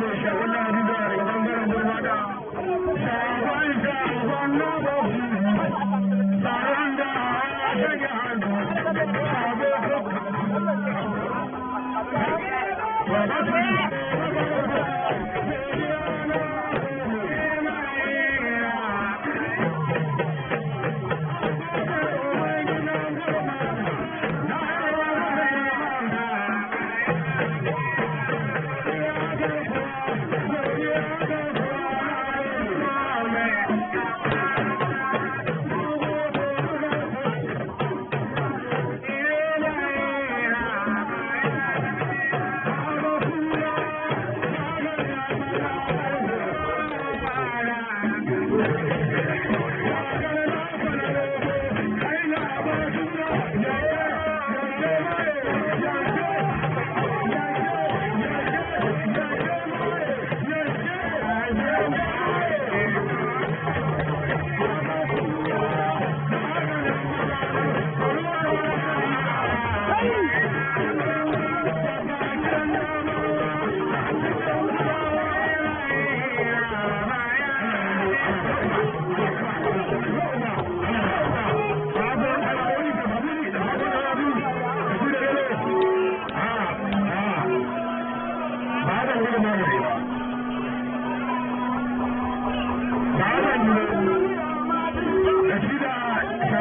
ہمیشہ ش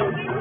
Thank you.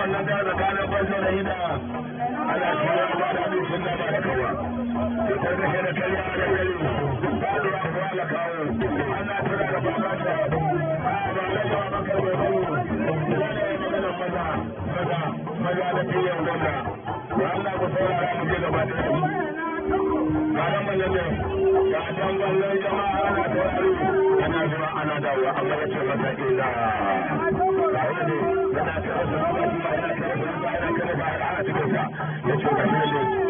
wannan da tsakanin kwanzo da ida ana ba da abin sun da ba da kawa cutar da shi da karya da da kawo ana tura da ta ba na ya maza maza maza da fiye gwamna ba Allah ku mu gaba da shi. Ba manyan ga dan wannan da ana da ana zuwa ana dawowa amma ya ce mata yana ta asuwa ba yana ta asuwa ba yana ta asuwa ba